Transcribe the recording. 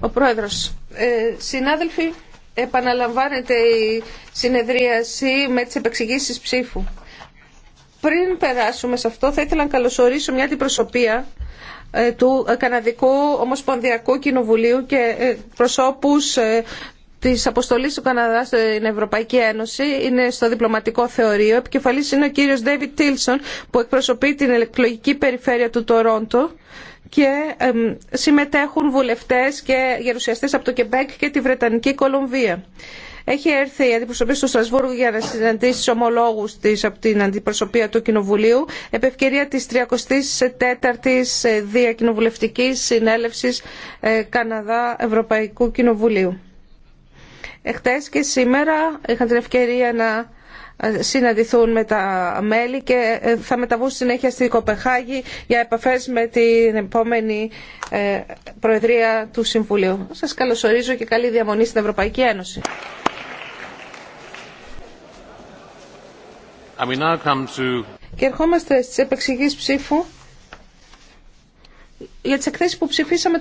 Ο Πρόεδρος. Ε, συνάδελφοι, επαναλαμβάνεται η συνεδρίαση με τις επεξηγήσεις ψήφου. Πριν περάσουμε σε αυτό, θα ήθελα να καλωσορίσω μια αντιπροσωπεία ε, του Καναδικού Ομοσπονδιακού Κοινοβουλίου και ε, προσώπους τη αποστολή του Καναδά στην Ευρωπαϊκή Ένωση είναι στο διπλωματικό θεωρείο. Επικεφαλή είναι ο κύριο David Τίλσον που εκπροσωπεί την εκλογική περιφέρεια του Τορόντο και συμμετέχουν βουλευτέ και γερουσιαστέ από το Κεμπέκ και τη Βρετανική Κολομβία. Έχει έρθει η αντιπροσωπή στο Στρασβούργο για να συναντήσει ομολόγου τη από την αντιπροσωπεία του Κοινοβουλίου, επ' ευκαιρία τη 34η ε, Διακοινοβουλευτική Συνέλευση ε, Καναδά Ευρωπαϊκού Κοινοβουλίου. Εχθές και σήμερα είχαν την ευκαιρία να ε, συναντηθούν με τα μέλη και ε, θα μεταβούν συνέχεια στη Κοπεχάγη για επαφές με την επόμενη ε, Προεδρία του Συμβουλίου. Σας καλωσορίζω και καλή διαμονή στην Ευρωπαϊκή Ένωση. Και ερχόμαστε στις επεξηγήσεις ψήφου για τις εκθέσεις που ψηφίσαμε